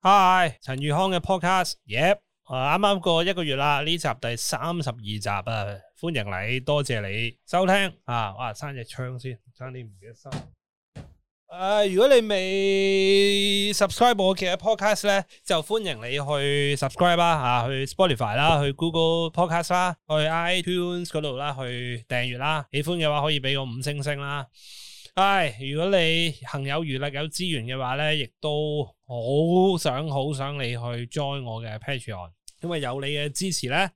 Hi，陳宇康嘅 podcast，y yep 啱、啊、啱過一個月啦，呢集第三十二集啊，歡迎你，多謝你收聽啊！哇，閂隻窗先，差啲唔記得收。誒、uh，如果你未 subscribe 我嘅 podcast 咧，就歡迎你去 subscribe 啦、啊，吓、啊、去 Spotify 啦、啊，去 Google Podcast 啦、啊，去 iTunes 嗰度啦，去訂閱啦。喜歡嘅話，可以俾個五星星啦、啊。唉，如果你行有餘力、有資源嘅話咧，亦都好想、好想你去 join 我嘅 Patreon，因為有你嘅支持咧，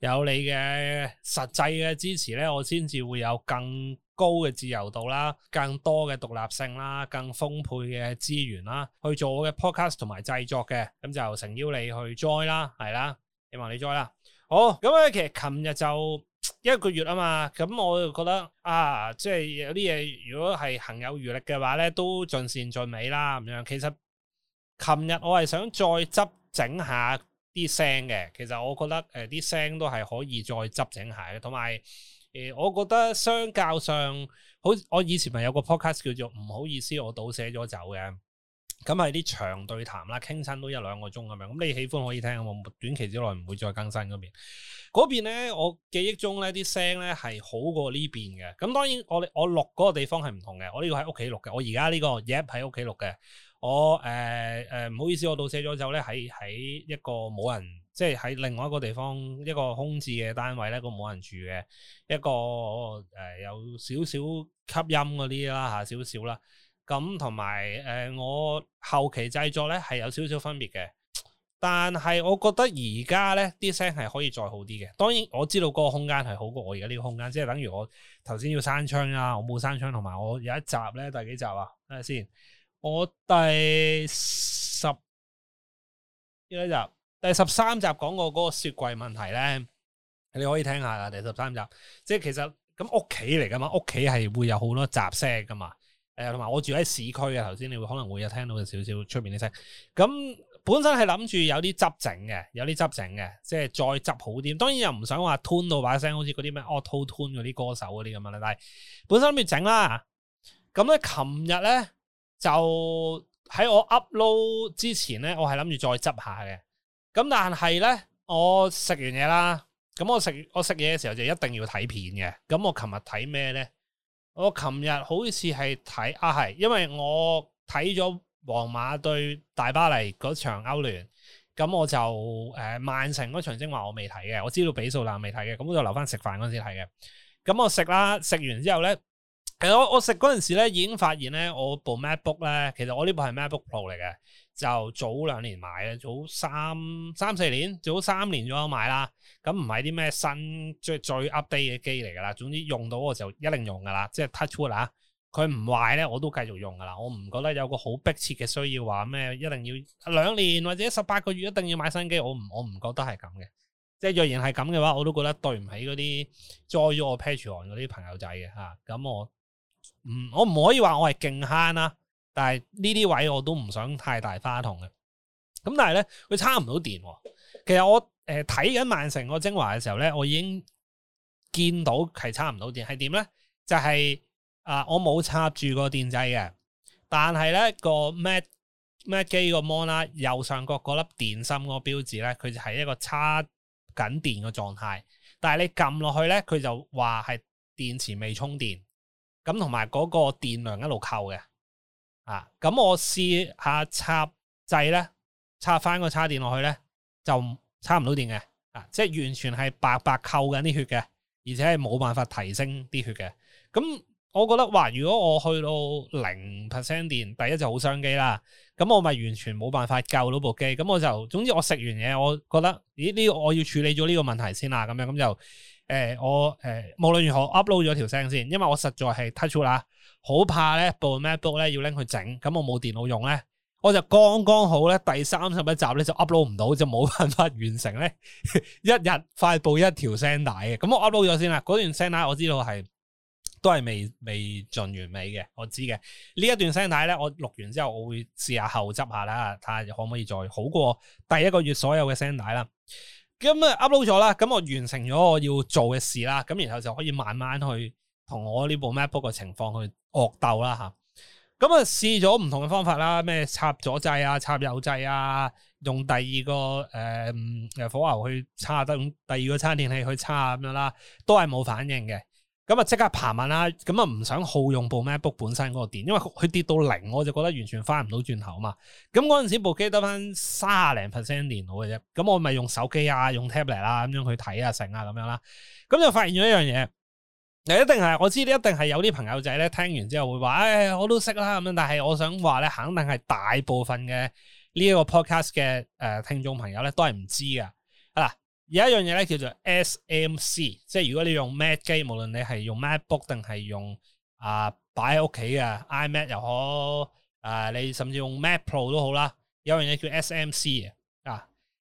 有你嘅實際嘅支持咧，我先至會有更高嘅自由度啦，更多嘅獨立性啦，更豐沛嘅資源啦，去做我嘅 podcast 同埋製作嘅，咁就誠邀你去 join 啦，係啦，希望你 join 啦。好，咁咧其實琴日就。一個月啊嘛，咁我就覺得啊，即係有啲嘢，如果係行有餘力嘅話咧，都盡善盡美啦。咁樣其實，琴日我係想再執整下啲聲嘅，其實我覺得呃、啲聲都係可以再執整下嘅。同埋、呃、我覺得相較上，好我以前咪有個 podcast 叫做唔好意思，我倒寫咗走嘅。咁係啲長對談啦，傾親都一兩個鐘咁樣。咁你喜歡可以聽，我短期之內唔會再更新嗰邊。嗰邊咧，我記憶中咧啲聲咧係好過呢邊嘅。咁當然，我我錄嗰個地方係唔同嘅。我呢個喺屋企錄嘅。我而家呢個嘢喺屋企錄嘅。我誒誒，唔好意思，我到寫咗之後咧，喺喺一個冇人，即係喺另外一個地方一個空置嘅單位咧，個冇人住嘅一個誒、呃，有少少吸音嗰啲啦吓，少少啦。咁同埋誒，我後期製作咧係有少少分別嘅，但係我覺得而家咧啲聲係可以再好啲嘅。當然我知道嗰個空間係好過我而家呢個空間，即係等於我頭先要閂窗啦、啊，我冇閂窗，同埋我有一集咧，第幾集啊？睇下先，我第十呢一集，第十三集講過嗰個雪櫃問題咧，你可以聽下啦。第十三集，即係其實咁屋企嚟噶嘛，屋企係會有好多雜聲噶嘛。誒同埋我住喺市區嘅，頭先你可能會有聽到少少出面啲聲。咁本身係諗住有啲執整嘅，有啲執整嘅，即係再執好啲。當然又唔想話吞到把聲，好似嗰啲咩 auto tune 嗰啲歌手嗰啲咁樣，但係本身諗住整啦。咁咧，琴日咧就喺我 upload 之前咧，我係諗住再執下嘅。咁但係咧，我食完嘢啦。咁我食我食嘢嘅時候就一定要睇片嘅。咁我琴日睇咩咧？我琴日好似係睇啊，係，因為我睇咗皇馬對大巴黎嗰場歐聯，咁我就誒曼城嗰場精華我未睇嘅，我知道比數但，未睇嘅，咁我就留翻食飯嗰陣時睇嘅。咁我食啦，食完之後咧，其實我我食嗰陣時咧已經發現咧，我部 MacBook 咧，其實我呢部係 MacBook Pro 嚟嘅。就早兩年買嘅，早三三四年，早三年左右買啦。咁唔係啲咩新最最 update 嘅機嚟噶啦。總之用到我就一定用噶啦，即係 touch wood 啊。佢唔壞咧，我都繼續用噶啦。我唔覺得有個好迫切嘅需要話咩，一定要兩年或者十八個月一定要買新機。我唔我唔覺得係咁嘅。即係若然係咁嘅話，我都覺得對唔起嗰啲 join 咗我 Patreon 嗰啲朋友仔嘅嚇。咁、啊、我唔我唔可以話我係勁慳啦。但係呢啲位我都唔想太大花筒嘅，咁但係咧佢差唔到電。其實我誒睇緊曼城個精華嘅時候咧，我已經見到係差唔到電，係點咧？就係啊，呃，我冇插住個電掣嘅，但係咧個 Mac Mac 機個 Mon 啦，右上角嗰粒電芯嗰個標誌咧，佢就係一個插緊電嘅狀態。但係你撳落去咧，佢就話係電池未充電，咁同埋嗰個電量一路扣嘅。啊，咁我試下插掣咧，插翻個叉電落去咧，就插唔到電嘅，啊，即係完全係白白扣緊啲血嘅，而且係冇辦法提升啲血嘅。咁我覺得，哇，如果我去到零 percent 電，第一就好傷機啦。咁我咪完全冇辦法救到部機。咁我就，總之我食完嘢，我覺得，咦，呢、呢個，我要處理咗呢個問題先啦。咁樣，咁就，誒、呃，我，誒、呃，無論如何，upload 咗條聲先條聲，因為我實在係 touch 啦。好怕咧，部 MacBook 咧要拎去整，咁我冇電腦用咧，我就剛剛好咧，第三十一集咧就 upload 唔到，就冇辦法完成咧。 一日快報一條聲帶嘅，咁我 upload 咗先啦。嗰段聲帶我知道係都係未未盡完美嘅，我知嘅。呢一段聲帶咧，我錄完之後我會試下後執下啦，睇下可唔可以再好過第一個月所有嘅聲帶啦。咁啊 upload 咗啦，咁我完成咗我要做嘅事啦，咁然後就可以慢慢去。同我呢部 MacBook 嘅情況去惡鬥啦吓，咁啊試咗唔同嘅方法啦，咩插左掣啊，插右掣啊，用第二個誒誒、呃、火牛去插，等第二個叉電器去插咁樣啦，都係冇反應嘅。咁啊即刻爬問啦，咁啊唔想耗用部 MacBook 本身嗰個電，因為佢跌到零，我就覺得完全翻唔到轉頭啊嘛。咁嗰陣時部機得翻三廿零 percent 電量嘅啫，咁我咪用手機啊，用 tablet 啦咁樣去睇啊成啊咁樣啦，咁、啊啊、就發現咗一樣嘢。一定係，我知道一定係有啲朋友仔咧，聽完之後會話，誒、哎，我都識啦咁樣。但係我想話咧，肯定係大部分嘅呢一個 podcast 嘅誒、呃、聽眾朋友咧，都係唔知嘅。嗱，有一樣嘢咧叫做 SMC，即係如果你用 Mac 機，無論你係用 MacBook 定係用啊擺喺屋企嘅 iMac 又好，誒、呃，你甚至用 Mac Pro 都好啦，有一樣嘢叫 SMC。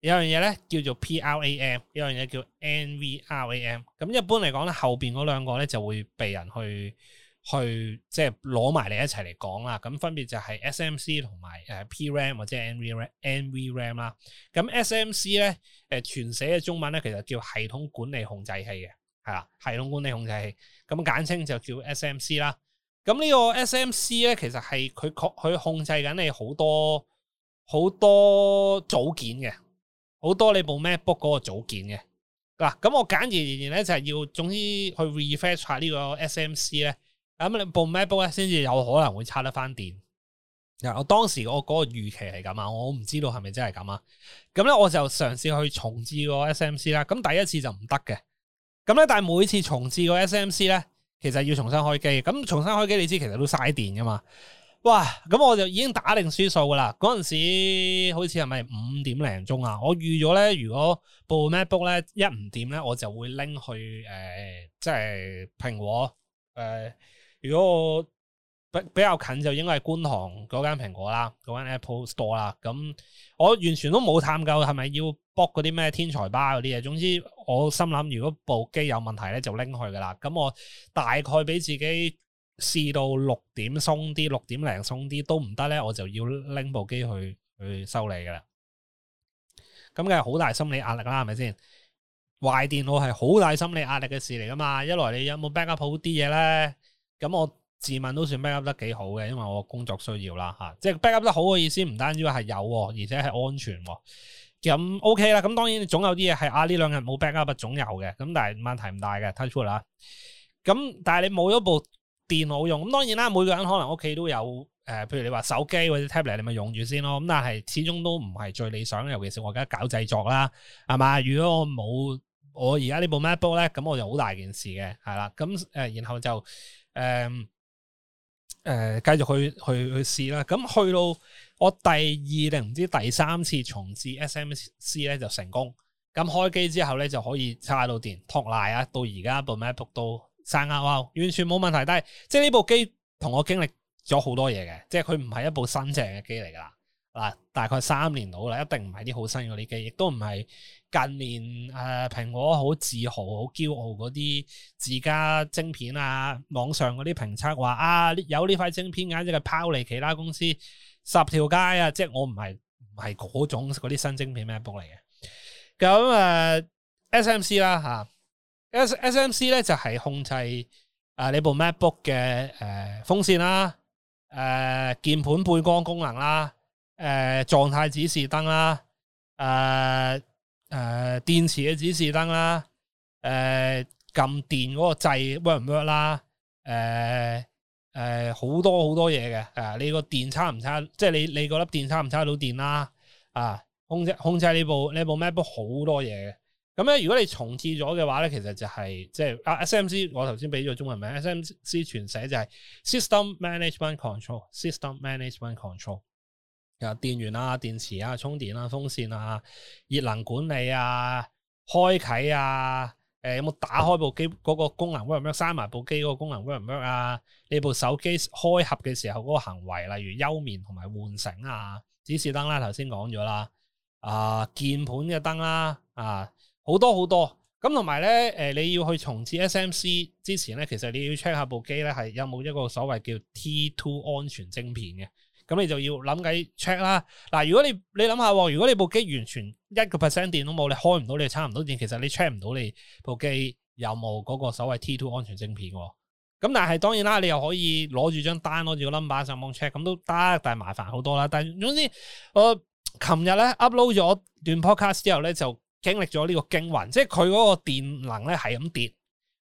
有樣嘢咧叫做 PRAM，有樣嘢叫 NVRAM。咁一般嚟講咧，後邊嗰兩個咧就會被人去去，即係攞埋嚟一齊嚟講啦。咁分別就係 SMC 同埋誒 PRAM 或者 NVRAM 啦。咁 SMC 咧，誒，全寫嘅中文咧，其實叫系統管理控制器嘅，係啦，系統管理控制器。咁簡稱就叫 SMC 啦。咁呢個 SMC 咧，其實係佢控佢控制緊你好多好多組件嘅。好多你部 MacBook 嗰個組件嘅嗱，咁我簡而言而言咧就係要，總之去 refresh 下呢個 SMC 咧，咁你部 MacBook 咧先至有可能會差得翻電。嗱，我當時我嗰個預期係咁啊，我唔知道係咪真係咁啊。咁咧我就嘗試去重置個 SMC 啦，咁第一次就唔得嘅。咁咧但係每次重置個 SMC 咧，其實要重新開機，咁重新開機你知其實都嘥電㗎嘛。哇！咁我就已經打定輸數噶啦。嗰陣時好似係咪五點零鐘啊？我預咗咧，如果部 MacBook 咧一唔掂咧，我就會拎去、呃、即係蘋果、呃、如果我比比較近，就應該係觀塘嗰間蘋果啦，嗰間 Apple Store 啦。咁我完全都冇探究係咪要 book 嗰啲咩天才吧嗰啲嘢。總之我心諗，如果部機有問題咧，就拎去噶啦。咁我大概俾自己。試到六點鬆啲，六點零鬆啲都唔得咧，我就要拎部機去去修理噶啦。咁梗係好大心理壓力啦，係咪先？壞電腦係好大心理壓力嘅事嚟噶嘛？一來你有冇 backup 好啲嘢咧？咁我自問都算 backup 得幾好嘅，因為我工作需要啦吓、啊，即係 backup 得好嘅意思。唔單止係有、啊，而且係安全、啊。咁 OK 啦。咁當然你總有啲嘢係啊呢兩日冇 backup，但總有嘅。咁但係問題唔大嘅，touch wood 啦。咁但係你冇咗部。電腦用咁。當然啦，每個人可能屋企都有誒、呃，譬如你話手機或者 tablet，你咪用住先咯。咁但係始終都唔係最理想，尤其是我而家搞製作啦，係嘛？如果我冇我而家呢部 MacBook 咧，咁我就好大件事嘅，係啦。咁誒、呃，然後就誒誒，繼、呃呃、續去去去試啦。咁去到我第二定唔知第三次重置 SMC 咧，就成功。咁開機之後咧就可以叉到電，托賴啊！到而家部 MacBook 都。生牛牛完全冇問題，但係即係呢部機同我經歷咗好多嘢嘅，即係佢唔係一部新淨嘅機嚟噶啦，嗱，大概三年到啦，一定唔係啲好新嗰啲機，亦都唔係近年誒，蘋果好自豪、好驕傲嗰啲自家晶片啊，網上嗰啲評測話啊，有呢塊晶片，簡直係拋離其他公司十條街啊！即係我唔係唔係嗰種嗰啲新晶片 MacBook 嚟嘅，咁誒、呃，SMC 啦吓。啊 S M C 咧，就係控制誒你部 MacBook 嘅誒風扇啦，誒鍵盤背光功能啦，誒狀態指示燈啦，誒誒電池嘅指示燈啦，誒撳電嗰個掣 work 唔 work 啦，誒誒好多好多嘢嘅，誒你個電差唔差，即係你你嗰粒電差唔差到電啦，啊控制控制你部你部 MacBook 好多嘢。咁咧，如果你重置咗嘅話咧，其實就係即係啊，S M C 我頭先俾咗中文名，S M C 全寫就係 System Management Control。System Management Control。啊，電源啊，電池啊，充電啊，風扇啊，熱能管理啊，開啟啊，誒、啊、有冇打開部機嗰個功能 work 唔 work？閂埋部機嗰個功能 work 唔 work 啊？你部手機開合嘅時候嗰個行為，例如休眠同埋喚醒啊，指示燈啦、啊，頭先講咗啦，啊鍵盤嘅燈啦，啊。鍵盤的燈啊啊好多好多，咁同埋咧，誒、呃，你要去重置 SMC 之前咧，其實你要 check 下部機咧係有冇一個所謂叫 T two 安全晶片嘅，咁你就要諗計 check 啦。嗱、啊，如果你你諗下，如果你部機完全一個 percent 電都冇，你開唔到，你差唔多電，其實你 check 唔到你部機有冇嗰個所謂 T two 安全晶片。咁但係當然啦，你又可以攞住張單，攞住個冧板上網 check，咁都得，但係麻煩好多啦。但總之，我琴日咧 upload 咗段 podcast 之後咧就。經歷咗呢個驚魂，即係佢嗰個電能咧係咁跌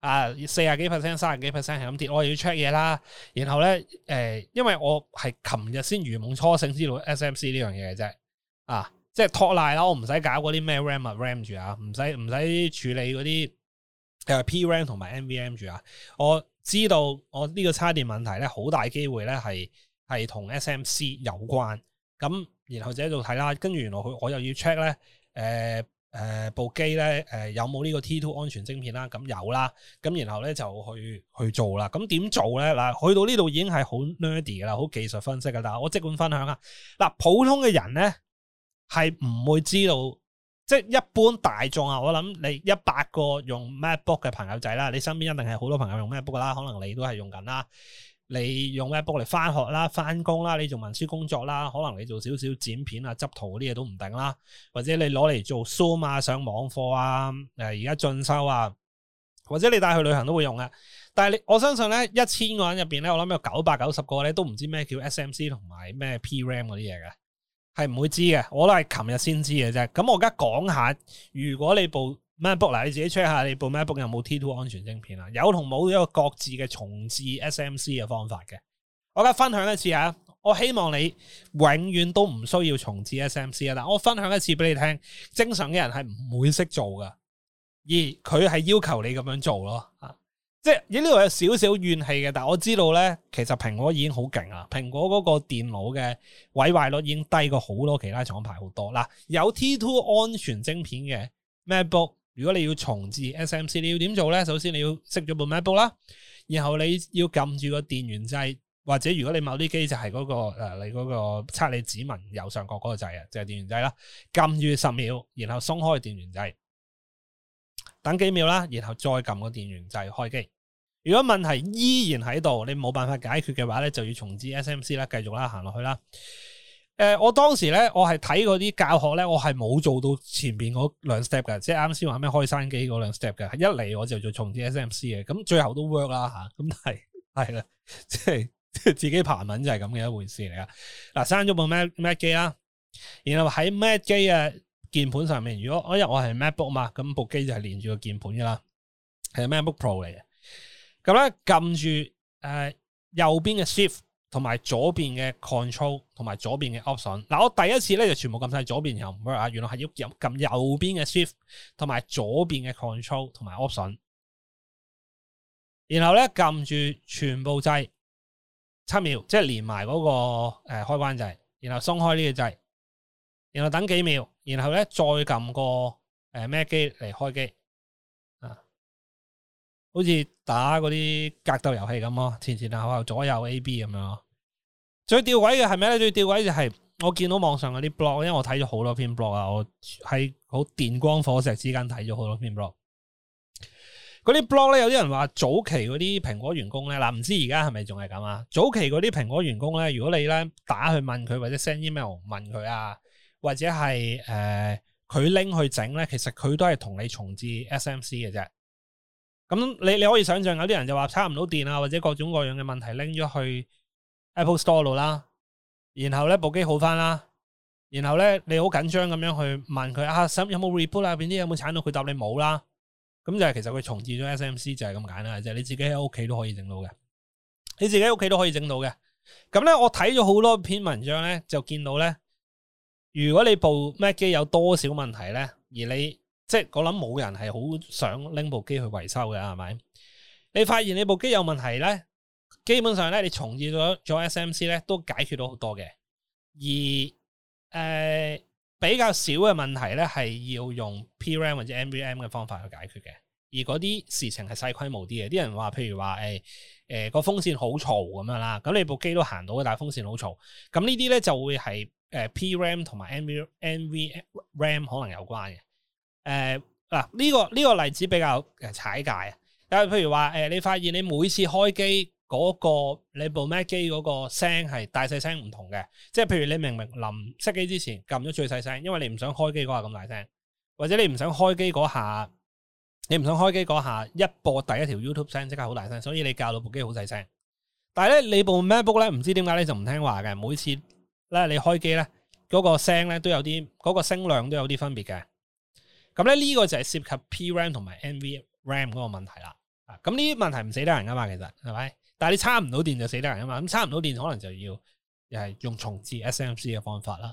啊，四十幾 percent、三十幾 percent 係咁跌，我又要 check 嘢啦。然後咧，誒、呃，因為我係琴日先如夢初醒知道 S M C 呢樣嘢嘅啫，啊，即係托賴啦，我唔使搞嗰啲咩 ram 啊 ram 住啊，唔使唔使處理嗰啲誒 p ram 同埋 n v m 住啊。我知道我呢個差電問題咧，好大機會咧係係同 S M C 有關。咁然後就喺度睇啦，跟住原來佢我又要 check 咧，誒、呃。誒、呃，部機咧，誒、呃、有冇呢個 T two 安全晶片？啦？咁有啦，咁然後咧就去去做啦。咁點做咧？嗱，去到呢度已經係好 nerdy 啦，好技術分析噶。但係我即管分享啊。嗱，普通嘅人咧係唔會知道，即係一般大眾啊。我諗你一百個用 MacBook 嘅朋友仔啦，你身邊一定係好多朋友用 MacBook 啦，可能你都係用緊啦。你用 MacBook 嚟返學啦、返工啦，你做文書工作啦，可能你做少少剪片啊、執圖嗰啲嘢都唔定啦，或者你攞嚟做 Zoom 啊、上網課啊、誒而家進修啊，或者你帶去旅行都會用嘅。但係你我相信咧，一千個人入邊咧，我諗有九百九十個咧都唔知咩叫 SMC 同埋咩 PRAM 嗰啲嘢嘅，係唔會知嘅。我都係琴日先知嘅啫。咁我而家講下，如果你部。MacBook 你自己 check 下你部 MacBook 有冇 T2 安全晶片啊？有同冇一個各自嘅重置 SMC 嘅方法嘅，我而家分享一次啊！我希望你永遠都唔需要重置 SMC 啊！但我分享一次俾你聽，正常嘅人係唔會識做噶，而佢係要求你咁樣做咯啊！即係呢度有少少怨氣嘅，但係我知道咧，其實蘋果已經好勁啊！蘋果嗰個電腦嘅毀壞率已經低過好多其他廠牌好多啦，有 T2 安全晶片嘅 MacBook。如果你要重置 S.M.C.，你要點做咧？首先你要熄咗部 MacBook 啦，然後你要撳住個電源掣，或者如果你某啲機就係嗰個誒，你嗰個測你指紋右上角嗰個掣啊，就係電源掣啦，撳住十秒，然後鬆開電源掣，等幾秒啦，然後再撳個電源掣開機。如果問題依然喺度，你冇辦法解決嘅話咧，就要重置 S.M.C. 啦，繼續啦，行落去啦。呃、我當時咧，我係睇嗰啲教學咧，我係冇做到前面嗰兩 step 嘅，即係啱先話咩開閂機嗰兩 step 嘅。一嚟我就做重置 SMC 嘅，咁最後都 work 啦吓，咁但係、係啦，即係自己爬文就係咁嘅一回事嚟㗎。嗱、啊，閂咗部 Mac Mac 機啦，然後喺 Mac 機嘅鍵盤上面，如果我因為我係 MacBook 嘛，咁部機就係連住個鍵盤㗎啦，係 MacBook Pro 嚟嘅。咁咧撳住、呃、右邊嘅 Shift。同埋左邊嘅 control，同埋左邊嘅 option。嗱，我第一次咧就全部撳晒左邊，又唔 work 啊！原來係要撳右邊嘅 shift，同埋左邊嘅 control 同埋 option，然後咧撳住全部掣七秒，即係連埋嗰個誒開關掣，然後鬆開呢個掣，然後等幾秒，然後咧再撳個誒咩機嚟開機。好似打嗰啲格鬥遊戲咁咯，前前後後左右 A B 咁樣咯。最吊詭嘅係咩咧？最吊詭就係我見到網上嗰啲 blog，因為我睇咗好多篇 blog 啊，我喺好電光火石之間睇咗好多篇 blog。嗰啲 blog 咧，有啲人話早期嗰啲蘋果員工咧，嗱唔知而家係咪仲係咁啊？早期嗰啲蘋果員工咧，如果你咧打去問佢或者 send email 問佢啊，或者係誒佢拎去整咧，其實佢都係同你重置 SMC 嘅啫。咁你你可以想象有啲人就話差唔到電啊，或者各種各樣嘅問題拎咗去 Apple Store 度啦，然後咧部機好翻啦，然後咧你好緊張咁樣去問佢啊，有冇 report 啊？邊啲有冇鏟到？佢答你冇啦，咁就係其實佢重置咗 SMC 就係咁簡單，就係你自己喺屋企都可以整到嘅，你自己喺屋企都可以整到嘅。咁咧我睇咗好多篇文章咧，就見到咧，如果你部 Mac 機有多少問題咧，而你。即係我諗冇人係好想拎部機去維修嘅係咪？你發現你部機有問題咧，基本上咧你重置咗咗 S M C 咧都解決到好多嘅。而誒比較少嘅問題咧係要用 P RAM 或者 N V RAM 嘅方法去解決嘅。而嗰啲事情係細規模啲嘅，啲人話譬如話誒誒個風扇好嘈咁樣啦，咁你部機都行到嘅，但係風扇好嘈。咁呢啲咧就會係誒 P RAM 同埋 N V N V RAM 可能有關嘅。誒嗱呢個呢、這個例子比較誒踩界啊！因為譬如話誒、呃，你發現你每次開機嗰、那個你部 Mac 機嗰個聲係大細聲唔同嘅，即係譬如你明明臨熄機之前撳咗最細聲，因為你唔想開機嗰下咁大聲，或者你唔想開機嗰下，你唔想開機嗰下一播第一條 YouTube 聲即刻好大聲，所以你較到部機好細聲。但係咧，你部 MacBook 咧唔知點解你就唔聽話嘅，每次咧你開機咧嗰個聲咧都有啲嗰個聲量都有啲、那個、分別嘅。咁咧呢個就係涉及 P RAM 同埋 NV RAM 嗰個問題啦。咁呢啲問題唔死得人噶嘛，其實係咪？但係你差唔到電就死得人噶嘛。咁差唔到電可能就要又係用重置 SMC 嘅方法啦。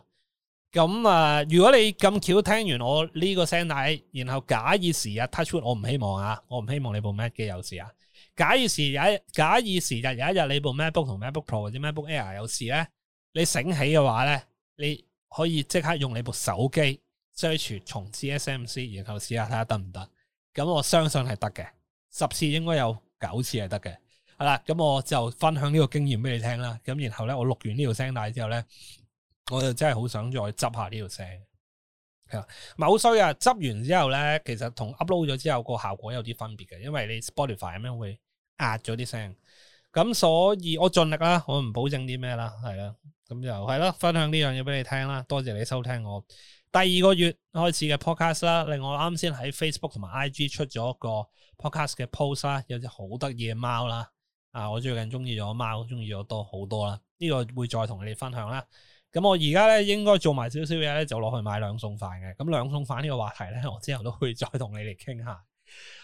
咁、嗯、啊，如果你咁巧聽完我呢個聲帶，帶，然後假以時日 touch wood 我唔希望啊，我唔希望你部 Mac 機有事啊。假以時日，假以時日有一日你部 MacBook 同 MacBook Pro 或者 MacBook Air 有事咧，你醒起嘅話咧，你可以即刻用你部手機。追傳重置 SMC，然後試下睇下得唔得？咁我相信係得嘅，十次應該有九次係得嘅。係啦，咁我就分享呢個經驗俾你聽啦。咁然後咧，我錄完呢條聲帶之後咧，我就真係好想再執下呢條聲。係啊，某衰啊，執完之後咧，其實同 upload 咗之後個效果有啲分別嘅，因為你 Spotify 咁樣會壓咗啲聲。咁所以我盡力啦，我唔保證啲咩啦，係啦。咁就係咯，分享呢樣嘢俾你聽啦。多謝你收聽我第二個月開始嘅 podcast 啦，另外啱先喺 Facebook 同埋 IG 出咗個 podcast 嘅 post 啦，有隻好得意嘅貓啦，啊我最近中意咗貓，中意咗多好多啦，呢、這個會再同你哋分享啦。咁我而家咧，應該做埋少少嘢咧，就攞去買兩餸飯嘅。咁兩餸飯呢個話題咧，我之後都會再同你哋傾下。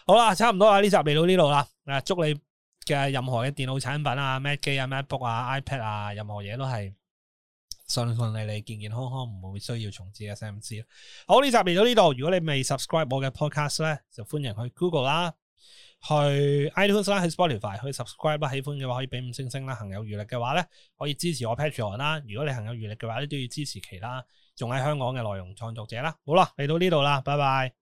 好啦，差唔多啦，呢集嚟到呢度啦。啊，祝你嘅任何嘅電腦產品啊，Mac 機啊，MacBook 啊，iPad 啊，任何嘢都係順順利利，健健康康，唔會需要重置 S M C。好，呢集嚟到呢度。如果你未 subscribe 我嘅 podcast 咧，就歡迎去 Google 啦，去 iTunes 啦，去 Spotify 去 subscribe。喜歡嘅話，可以俾五星星啦。行有餘力嘅話咧，可以支持我 Patreon 啦。如果你行有餘力嘅話，你都要支持其他仲喺香港嘅內容創作者啦。好啦，嚟到呢度啦，拜拜。